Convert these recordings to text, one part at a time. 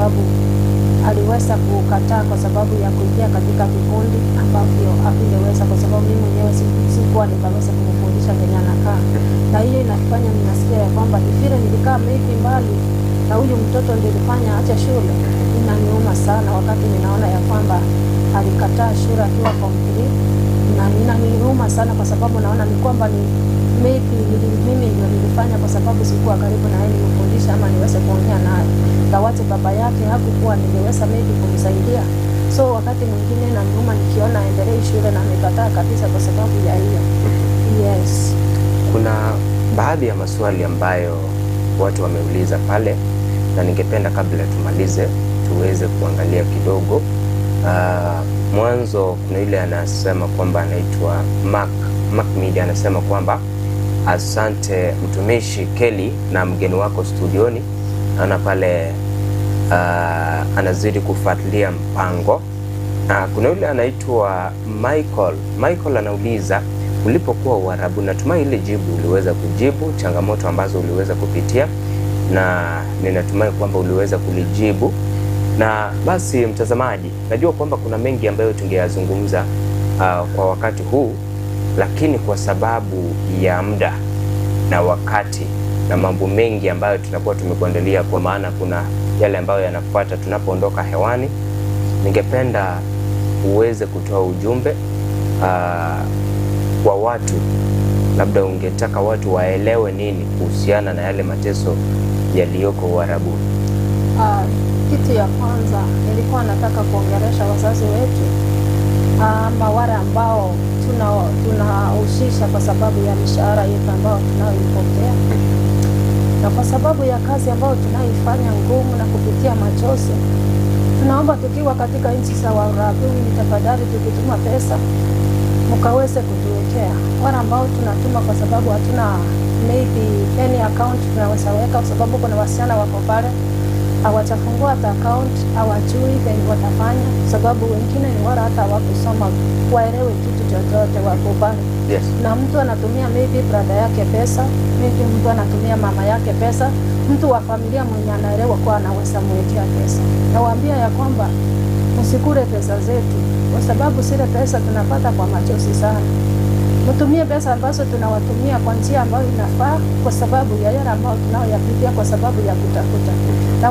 sababu aliweza kukataa kwa sababu ya kuingia katika kikundi ambavyo havingeweza, kwa sababu mimi mwenyewe sikuwa nikaweza kumfundisha venye anakaa, na hiyo inafanya ninasikia ya kwamba ifire nilikaa meiki mbali na huyu mtoto ndio ilifanya acha shule. Inaniuma sana wakati ninaona ya kwamba alikataa shule akiwa form three, na inaniuma sana kwa sababu naona ni kwamba ni maybe mimi ndio nilifanya, kwa sababu sikuwa karibu na yeye kumjulisha ama niweze kuongea naye. Dawati baba yake hakukuwa ningeweza maybe kumsaidia. So wakati mwingine na nyuma nikiona aendelee shule na amekataa kabisa kwa sababu ya hiyo. Yes. Kuna baadhi ya maswali ambayo watu wameuliza pale na ningependa kabla tumalize tuweze kuangalia kidogo. Uh, mwanzo kuna yule anasema kwamba anaitwa Mark Mark Media anasema kwamba Asante mtumishi Kelly na mgeni wako studioni, naona pale uh, anazidi kufuatilia mpango na kuna yule anaitwa Michael. Michael anauliza ulipokuwa Uarabu, natumai ile jibu uliweza kujibu changamoto ambazo uliweza kupitia, na ninatumai kwamba uliweza kulijibu. Na basi mtazamaji, najua kwamba kuna mengi ambayo tungeyazungumza uh, kwa wakati huu lakini kwa sababu ya muda na wakati na mambo mengi ambayo tunakuwa tumekuandalia, kwa maana kuna yale ambayo yanafuata tunapoondoka hewani, ningependa uweze kutoa ujumbe aa, ah, kwa watu, labda ungetaka watu waelewe nini kuhusiana na yale mateso yaliyoko Uarabuni. Uh, ah, kitu ya kwanza nilikuwa nataka kuongelesha wazazi wetu ama wale ambao tunahusisha tuna kwa sababu ya mishahara yetu ambayo tunayoipokea na kwa sababu ya kazi ambayo tunayoifanya ngumu na kupitia machozi, tunaomba tukiwa katika nchi za Warabuni, tafadhali tukituma pesa mkaweze kutuwekea wale ambao tunatuma, kwa sababu hatuna maybe any account tunaweza weka, kwa sababu kuna wasichana wako pale hawatafungua hata account, hawajui then watafanya, sababu wengine ni wala hata wakusoma waelewe kitu chochote wako pale. Yes. Na mtu anatumia maybe brother yake pesa, maybe mtu anatumia mama yake pesa, mtu wa familia mwenye anaelewa kwa anaweza mwekea pesa, nawaambia ya kwamba msikure pesa zetu, kwa sababu zile pesa tunapata kwa machozi sana mtumie pesa ambazo tunawatumia kwa njia ambayo inafaa, kwa sababu ya yale ambayo tunayoyapitia, kwa sababu ya kutafuta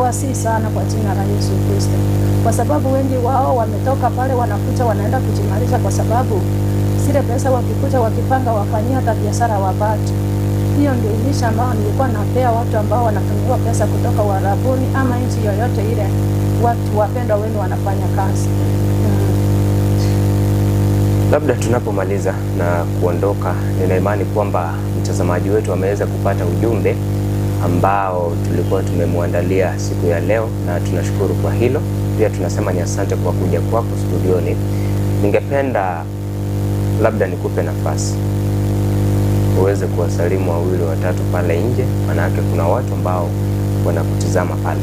na sana kwa jina la Yesu Kristo, kwa sababu wengi wao wametoka pale, wanakuja wanaenda kujimarisha, kwa sababu zile pesa wakikuja wakipanga wafanyia hata biashara wapate. Hiyo ndio ilisha ambayo nilikuwa napea watu ambao wanatumiwa pesa kutoka Uarabuni ama nchi yoyote ile. Watu wapendwa wenu wanafanya kazi Labda tunapomaliza na kuondoka, nina imani kwamba mtazamaji wetu ameweza kupata ujumbe ambao tulikuwa tumemwandalia siku ya leo, na tunashukuru kwa hilo. Pia tunasema ni asante kwa kuja kwako studioni. Ningependa labda nikupe nafasi uweze kuwasalimu wawili watatu pale nje, maanake kuna watu ambao wanakutizama pale.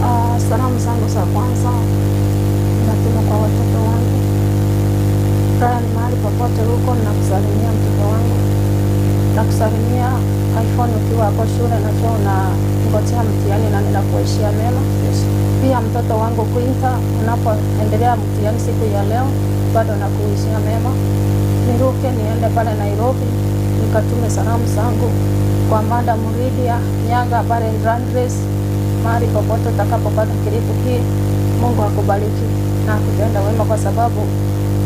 Uh, salamu zangu za kwanza mapema kwa watoto wangu. Brian, mahali popote huko, nakusalimia mtoto wangu, nakusalimia iPhone ukiwa hapo shule, na chuo na ngotea mtihani na ninakuwishia mema. yes. Pia mtoto wangu Quinta, unapoendelea mtihani siku ya leo, bado nakuwishia mema. Niruke niende pale Nairobi nikatume salamu zangu kwa Madam Muridia Nyaga pale Grand Race, mahali popote utakapopata kilipu hii. Mungu akubariki na kutenda wema, kwa sababu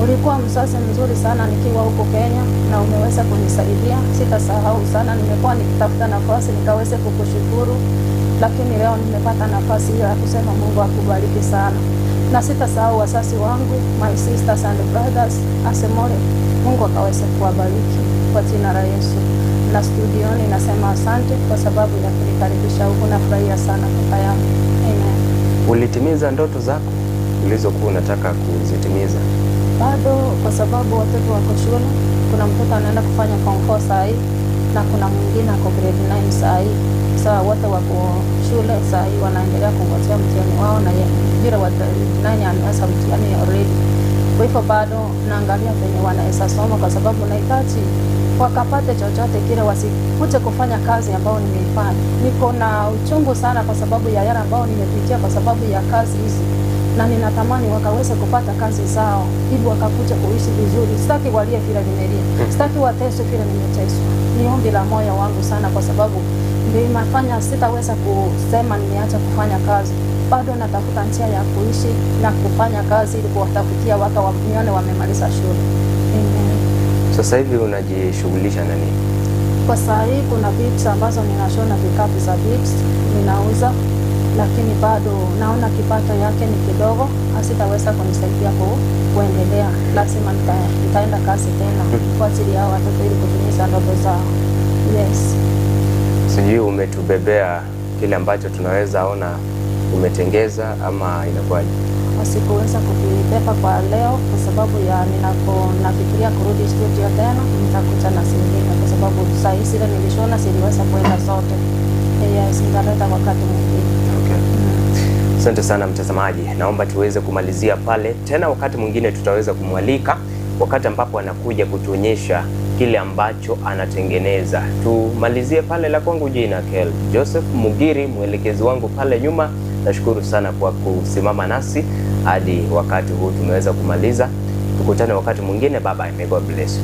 ulikuwa msasi mzuri sana nikiwa huko Kenya na umeweza kunisaidia. Sitasahau sana, nimekuwa nikitafuta nafasi nikaweze kukushukuru, lakini leo nimepata nafasi hiyo ya kusema Mungu akubariki sana, na sitasahau wasasi wangu, my sisters and brothers asemole, Mungu akaweze kuwabariki kwa jina la Yesu. Na studioni nasema asante kwa sababu ya kunikaribisha huku, nafurahia sana kaka yangu. Amen. Ulitimiza ndoto zako? ulizokuwa unataka kuzitimiza? Bado, kwa sababu watoto wako shule. Kuna mtoto anaenda kufanya form 4 saa hii na kuna mwingine ako grade 9 saa hii. Sasa wote wako shule saa hii, wanaendelea kungojea mtihani wao, na yule wa grade 9 ameanza mtihani already. Kwa hivyo bado naangalia venye wanaweza soma, kwa sababu nahitaji wakapate chochote kile, wasikute kufanya kazi ambayo nimeifanya. Niko na uchungu sana kwa sababu ya yale ambayo nimepitia kwa sababu ya kazi hizi na ninatamani wakaweze kupata kazi zao ili wakakuja kuishi vizuri. Sitaki walie vile nimelia, hmm. sitaki wateswe vile nimeteswa. Ni ombi la moyo wangu sana, kwa sababu nimefanya, sitaweza kusema nimeacha kufanya kazi, bado natafuta njia ya kuishi na kufanya kazi ili kuwatafutia waka wanione wamemaliza shule. Sasa hivi unajishughulisha na nini? Kwa saa hii kuna bibs ambazo ninashona vikapu za bibs, ninauza lakini bado naona kipato yake ni kidogo, asitaweza kunisaidia kuendelea. Lazima nitaenda kazi tena hmm. kwa ajili ya watoto ili kutimiza ndoto zao. Yes, sijui umetubebea kile ambacho tunaweza ona umetengeza ama inakuwaje? Sikuweza kukibeba kwa leo kwa sababu ya ninako nafikiria kurudi studio tena, nitakuja na zingine kwa sababu saa hii zile nilishona siliweza kuenda zote. Yes, nitaleta wakati mwingine. Asante sana mtazamaji, naomba tuweze kumalizia pale tena. Wakati mwingine tutaweza kumwalika wakati ambapo anakuja kutuonyesha kile ambacho anatengeneza. Tumalizie pale la kwangu, jina Kel Joseph Mugiri, mwelekezi wangu pale nyuma. Nashukuru sana kwa kusimama nasi hadi wakati huu tumeweza kumaliza. Tukutane wakati mwingine, baba. May God bless.